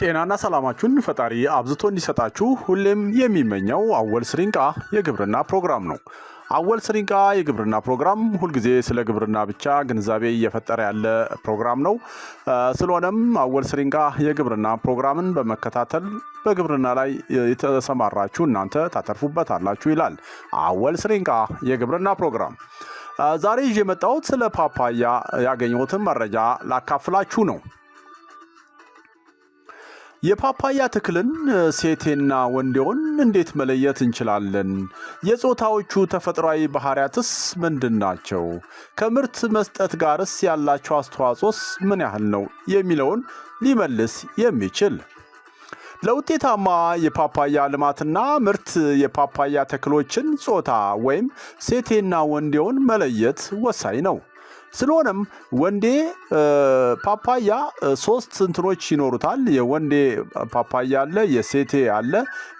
ጤናና ሰላማችሁን ፈጣሪ አብዝቶ እንዲሰጣችሁ ሁሌም የሚመኘው አወል ስሪንቃ የግብርና ፕሮግራም ነው። አወል ስሪንቃ የግብርና ፕሮግራም ሁልጊዜ ስለ ግብርና ብቻ ግንዛቤ እየፈጠረ ያለ ፕሮግራም ነው። ስለሆነም አወል ስሪንቃ የግብርና ፕሮግራምን በመከታተል በግብርና ላይ የተሰማራችሁ እናንተ ታተርፉበታላችሁ ይላል አወል ስሪንቃ የግብርና ፕሮግራም። ዛሬ ይዤ የመጣሁት ስለ ፓፓያ ያገኘሁትን መረጃ ላካፍላችሁ ነው። የፓፓያ ተክልን ሴቴና ወንዴውን እንዴት መለየት እንችላለን? የጾታዎቹ ተፈጥሯዊ ባህሪያትስ ምንድን ናቸው? ከምርት መስጠት ጋርስ ያላቸው አስተዋጽኦስ ምን ያህል ነው? የሚለውን ሊመልስ የሚችል ለውጤታማ የፓፓያ ልማትና ምርት የፓፓያ ተክሎችን ጾታ ወይም ሴቴና ወንዴውን መለየት ወሳኝ ነው። ስለሆነም ወንዴ ፓፓያ ሶስት እንትኖች ይኖሩታል። የወንዴ ፓፓያ አለ፣ የሴቴ አለ፣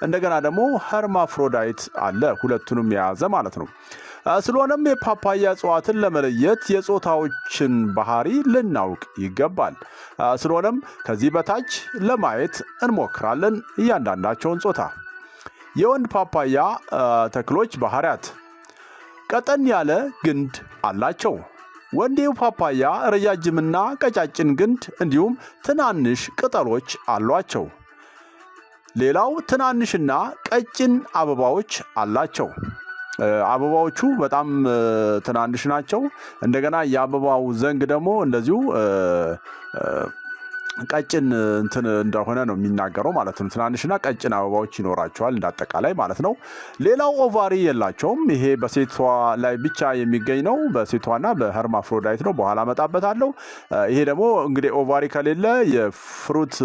እንደገና ደግሞ ሄርማፍሮዳይት አለ። ሁለቱንም የያዘ ማለት ነው። ስለሆነም የፓፓያ እጽዋትን ለመለየት የጾታዎችን ባህሪ ልናውቅ ይገባል። ስለሆነም ከዚህ በታች ለማየት እንሞክራለን እያንዳንዳቸውን ጾታ። የወንድ ፓፓያ ተክሎች ባህሪያት ቀጠን ያለ ግንድ አላቸው። ወንዴው ፓፓያ ረጃጅምና ቀጫጭን ግንድ እንዲሁም ትናንሽ ቅጠሎች አሏቸው። ሌላው ትናንሽና ቀጭን አበባዎች አላቸው። አበባዎቹ በጣም ትናንሽ ናቸው። እንደገና የአበባው ዘንግ ደግሞ እንደዚሁ ቀጭን እንትን እንደሆነ ነው የሚናገረው ማለት ነው። ትናንሽና ቀጭን አበባዎች ይኖራቸዋል እንዳጠቃላይ ማለት ነው። ሌላው ኦቫሪ የላቸውም። ይሄ በሴቷ ላይ ብቻ የሚገኝ ነው። በሴቷና በሀርማፍሮዳይት ነው፣ በኋላ መጣበታለሁ። ይሄ ደግሞ እንግዲህ ኦቫሪ ከሌለ የፍሩት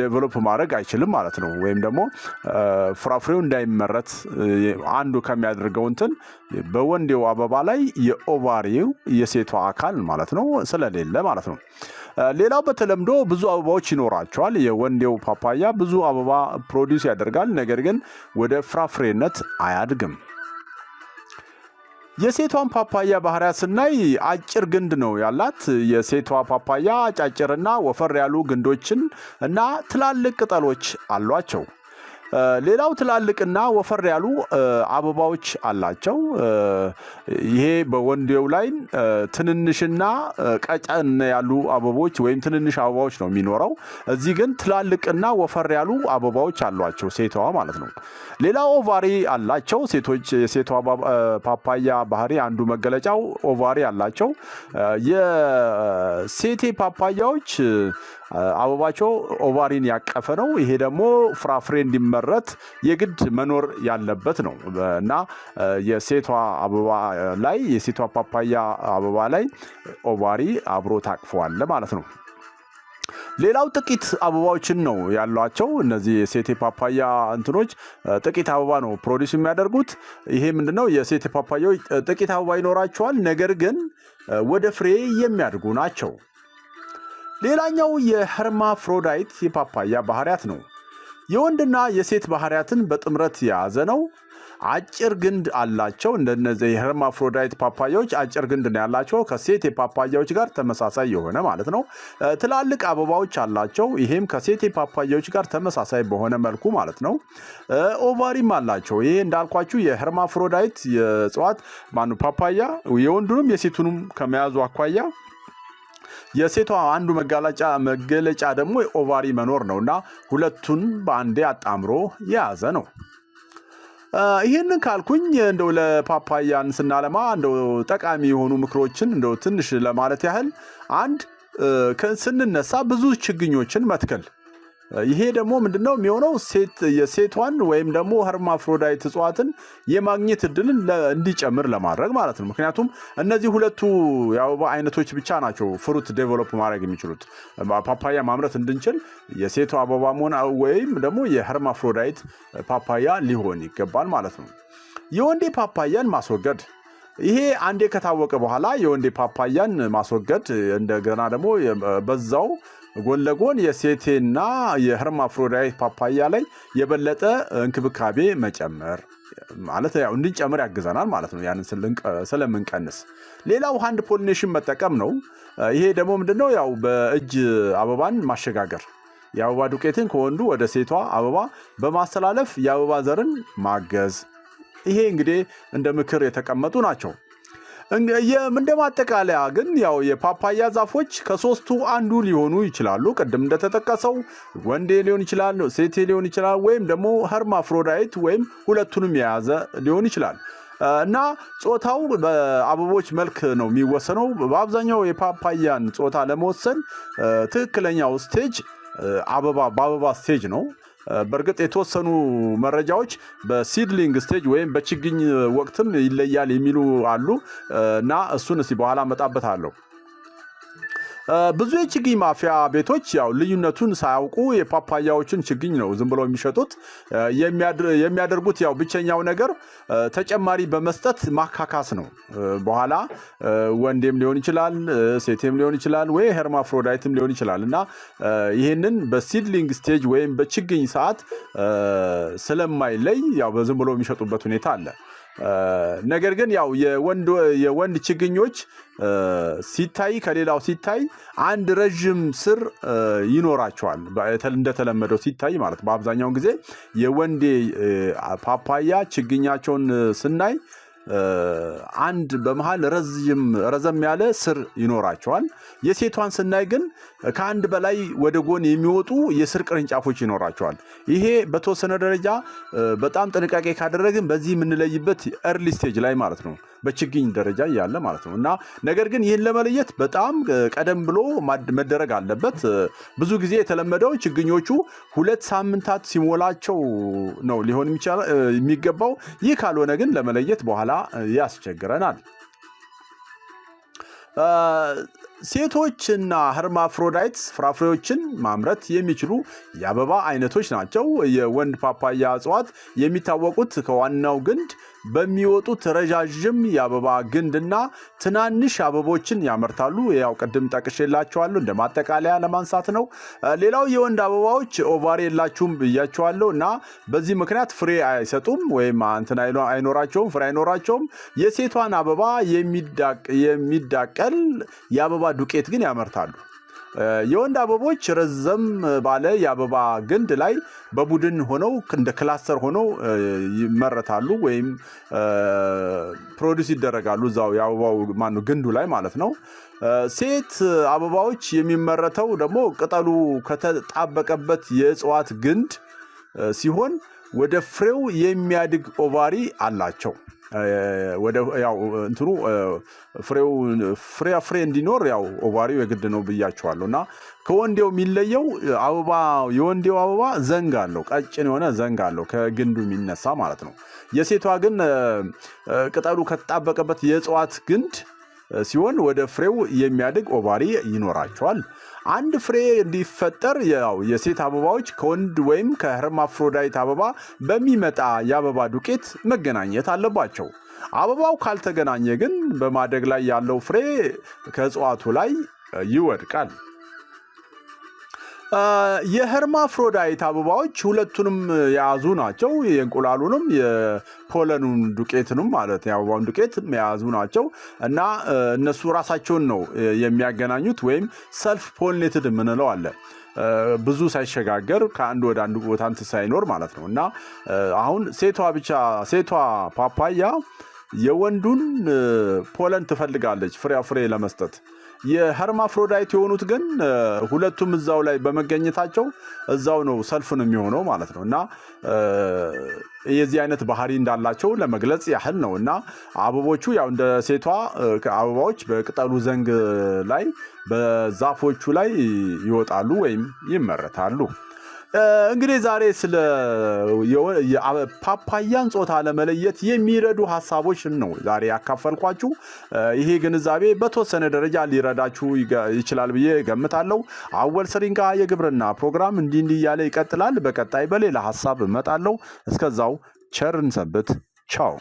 ዴቨሎፕ ማድረግ አይችልም ማለት ነው። ወይም ደግሞ ፍራፍሬው እንዳይመረት አንዱ ከሚያደርገው እንትን በወንዴው አበባ ላይ የኦቫሪው የሴቷ አካል ማለት ነው ስለሌለ ማለት ነው። ሌላው በተለምዶ ብዙ አበባዎች ይኖራቸዋል። የወንዴው ፓፓያ ብዙ አበባ ፕሮዲውስ ያደርጋል፣ ነገር ግን ወደ ፍራፍሬነት አያድግም። የሴቷን ፓፓያ ባህሪያት ስናይ አጭር ግንድ ነው ያላት። የሴቷ ፓፓያ አጫጭርና ወፈር ያሉ ግንዶችን እና ትላልቅ ቅጠሎች አሏቸው። ሌላው ትላልቅና ወፈር ያሉ አበባዎች አላቸው። ይሄ በወንዴው ላይ ትንንሽና ቀጨን ያሉ አበቦች ወይም ትንንሽ አበባዎች ነው የሚኖረው። እዚህ ግን ትላልቅና ወፈር ያሉ አበባዎች አሏቸው፣ ሴቷዋ ማለት ነው። ሌላው ኦቫሪ አላቸው ሴቶች። የሴቷ ፓፓያ ባህሪ አንዱ መገለጫው ኦቫሪ አላቸው። የሴቴ ፓፓያዎች አበባቸው ኦቫሪን ያቀፈ ነው። ይሄ ደግሞ ፍራፍሬ እንዲመ ሲመረት የግድ መኖር ያለበት ነው እና የሴቷ አበባ ላይ የሴቷ ፓፓያ አበባ ላይ ኦቫሪ አብሮ ታቅፈዋል ማለት ነው። ሌላው ጥቂት አበባዎችን ነው ያሏቸው። እነዚህ የሴቴ ፓፓያ እንትኖች ጥቂት አበባ ነው ፕሮዲስ የሚያደርጉት። ይሄ ምንድነው? የሴቴ ፓፓያዎች ጥቂት አበባ ይኖራቸዋል፣ ነገር ግን ወደ ፍሬ የሚያድጉ ናቸው። ሌላኛው የሄርማፍሮዳይት የፓፓያ ባህሪያት ነው። የወንድና የሴት ባህሪያትን በጥምረት የያዘ ነው። አጭር ግንድ አላቸው። እንደነዚህ የሄርማፍሮዳይት ፓፓያዎች አጭር ግንድ ነው ያላቸው፣ ከሴት የፓፓያዎች ጋር ተመሳሳይ የሆነ ማለት ነው። ትላልቅ አበባዎች አላቸው። ይሄም ከሴት የፓፓያዎች ጋር ተመሳሳይ በሆነ መልኩ ማለት ነው። ኦቫሪም አላቸው። ይሄ እንዳልኳችሁ የሄርማፍሮዳይት የእጽዋት ማኑ ፓፓያ የወንዱንም የሴቱንም ከመያዙ አኳያ የሴቷ አንዱ መጋለጫ መገለጫ ደግሞ የኦቫሪ መኖር ነው እና ሁለቱን በአንዴ አጣምሮ የያዘ ነው። ይህንን ካልኩኝ እንደው ለፓፓያን ስናለማ እንደው ጠቃሚ የሆኑ ምክሮችን እንደው ትንሽ ለማለት ያህል አንድ ስንነሳ ብዙ ችግኞችን መትከል ይሄ ደግሞ ምንድነው የሚሆነው? ሴቷን ወይም ደግሞ ሀርማፍሮዳይት እጽዋትን የማግኘት እድልን እንዲጨምር ለማድረግ ማለት ነው። ምክንያቱም እነዚህ ሁለቱ የአበባ አይነቶች ብቻ ናቸው ፍሩት ዴቨሎፕ ማድረግ የሚችሉት። ፓፓያ ማምረት እንድንችል የሴቷ አበባ መሆን ወይም ደግሞ የሀርማፍሮዳይት ፓፓያ ሊሆን ይገባል ማለት ነው። የወንዴ ፓፓያን ማስወገድ ይሄ አንዴ ከታወቀ በኋላ የወንዴ ፓፓያን ማስወገድ እንደገና ደግሞ በዛው ጎን ለጎን የሴቴና የሄርማፍሮዳይት ፓፓያ ላይ የበለጠ እንክብካቤ መጨመር ማለት ያው እንድንጨምር ያግዘናል ማለት ነው። ያንን ስለምንቀንስ ሌላው ሃንድ ፖሊኔሽን መጠቀም ነው። ይሄ ደግሞ ምንድነው ያው በእጅ አበባን ማሸጋገር የአበባ ዱቄትን ከወንዱ ወደ ሴቷ አበባ በማስተላለፍ የአበባ ዘርን ማገዝ። ይሄ እንግዲህ እንደ ምክር የተቀመጡ ናቸው። እንደ ማጠቃለያ ግን ያው የፓፓያ ዛፎች ከሶስቱ አንዱ ሊሆኑ ይችላሉ። ቅድም እንደተጠቀሰው ወንዴ ሊሆን ይችላል፣ ሴቴ ሊሆን ይችላል፣ ወይም ደግሞ ሀርማፍሮዳይት ወይም ሁለቱንም የያዘ ሊሆን ይችላል እና ጾታው በአበቦች መልክ ነው የሚወሰነው። በአብዛኛው የፓፓያን ጾታ ለመወሰን ትክክለኛው ስቴጅ አበባ በአበባ ስቴጅ ነው። በእርግጥ የተወሰኑ መረጃዎች በሲድሊንግ ስቴጅ ወይም በችግኝ ወቅትም ይለያል የሚሉ አሉ እና እሱን እስኪ በኋላ እመጣበታለሁ። ብዙ የችግኝ ማፍያ ቤቶች ያው ልዩነቱን ሳያውቁ የፓፓያዎችን ችግኝ ነው ዝም ብለው የሚሸጡት። የሚያደርጉት ያው ብቸኛው ነገር ተጨማሪ በመስጠት ማካካስ ነው። በኋላ ወንዴም ሊሆን ይችላል፣ ሴቴም ሊሆን ይችላል፣ ወይ ሄርማፍሮዳይትም ሊሆን ይችላል እና ይህንን በሲድሊንግ ስቴጅ ወይም በችግኝ ሰዓት ስለማይለይ ያው በዝም ብሎ የሚሸጡበት ሁኔታ አለ። ነገር ግን ያው የወንድ ችግኞች ሲታይ ከሌላው ሲታይ አንድ ረዥም ስር ይኖራቸዋል። እንደተለመደው ሲታይ ማለት በአብዛኛውን ጊዜ የወንዴ ፓፓያ ችግኛቸውን ስናይ አንድ በመሃል ረዘም ያለ ስር ይኖራቸዋል። የሴቷን ስናይ ግን ከአንድ በላይ ወደ ጎን የሚወጡ የስር ቅርንጫፎች ይኖራቸዋል። ይሄ በተወሰነ ደረጃ በጣም ጥንቃቄ ካደረግን በዚህ የምንለይበት ኤርሊ ስቴጅ ላይ ማለት ነው፣ በችግኝ ደረጃ ያለ ማለት ነው እና ነገር ግን ይህን ለመለየት በጣም ቀደም ብሎ መደረግ አለበት። ብዙ ጊዜ የተለመደው ችግኞቹ ሁለት ሳምንታት ሲሞላቸው ነው ሊሆን የሚገባው። ይህ ካልሆነ ግን ለመለየት በኋላ ያስቸግረናል። ሴቶችና ህርማፍሮዳይትስ ፍራፍሬዎችን ማምረት የሚችሉ የአበባ አይነቶች ናቸው። የወንድ ፓፓያ እጽዋት የሚታወቁት ከዋናው ግንድ በሚወጡት ረዣዥም የአበባ ግንድና ትናንሽ አበቦችን ያመርታሉ። ያው ቅድም ጠቅሼላችኋለሁ እንደ ማጠቃለያ ለማንሳት ነው። ሌላው የወንድ አበባዎች ኦቫሪ የላችሁም ብያቸዋለሁ እና በዚህ ምክንያት ፍሬ አይሰጡም ወይም እንትን አይኖራቸውም፣ ፍሬ አይኖራቸውም። የሴቷን አበባ የሚዳቀል የአበባ ዱቄት ግን ያመርታሉ። የወንድ አበቦች ረዘም ባለ የአበባ ግንድ ላይ በቡድን ሆነው እንደ ክላስተር ሆነው ይመረታሉ ወይም ፕሮዲስ ይደረጋሉ እዛው የአበባው ማነው ግንዱ ላይ ማለት ነው። ሴት አበባዎች የሚመረተው ደግሞ ቅጠሉ ከተጣበቀበት የእጽዋት ግንድ ሲሆን ወደ ፍሬው የሚያድግ ኦቫሪ አላቸው። ያው እንትኑ ፍሬው ፍሬ ፍሬ እንዲኖር ያው ኦቫሪው የግድ ነው ብያቸዋለሁ። እና ከወንዴው የሚለየው አበባ የወንዴው አበባ ዘንግ አለው፣ ቀጭን የሆነ ዘንግ አለው ከግንዱ የሚነሳ ማለት ነው። የሴቷ ግን ቅጠሉ ከተጣበቀበት የእጽዋት ግንድ ሲሆን ወደ ፍሬው የሚያድግ ኦቫሪ ይኖራቸዋል። አንድ ፍሬ እንዲፈጠር ያው የሴት አበባዎች ከወንድ ወይም ከህርማፍሮዳይት አበባ በሚመጣ የአበባ ዱቄት መገናኘት አለባቸው። አበባው ካልተገናኘ ግን በማደግ ላይ ያለው ፍሬ ከእጽዋቱ ላይ ይወድቃል። የሄርማፍሮዳይት አበባዎች ሁለቱንም የያዙ ናቸው። የእንቁላሉንም የፖለኑን ዱቄትንም ማለት የአበባውን ዱቄት የያዙ ናቸው እና እነሱ ራሳቸውን ነው የሚያገናኙት ወይም ሰልፍ ፖሊኔትድ የምንለው አለ ብዙ ሳይሸጋገር ከአንድ ወደ አንዱ ቦታ እንትን ሳይኖር ማለት ነው እና አሁን ሴቷ ብቻ ሴቷ ፓፓያ የወንዱን ፖለን ትፈልጋለች ፍሬ ፍሬ ለመስጠት የሀርማፍሮዳይት የሆኑት ግን ሁለቱም እዛው ላይ በመገኘታቸው እዛው ነው ሰልፍን ነው የሚሆነው ማለት ነው እና የዚህ አይነት ባህሪ እንዳላቸው ለመግለጽ ያህል ነው እና አበቦቹ ያው እንደ ሴቷ አበባዎች በቅጠሉ ዘንግ ላይ በዛፎቹ ላይ ይወጣሉ ወይም ይመረታሉ። እንግዲህ ዛሬ ስለ ፓፓያን ጾታ ለመለየት የሚረዱ ሀሳቦች ነው ዛሬ ያካፈልኳችሁ። ይሄ ግንዛቤ በተወሰነ ደረጃ ሊረዳችሁ ይችላል ብዬ ገምታለሁ። አወል ስሪንጋ የግብርና ፕሮግራም እንዲህ እንዲህ እያለ ይቀጥላል። በቀጣይ በሌላ ሀሳብ እመጣለሁ። እስከዛው ቸር ሰንብት። ቻው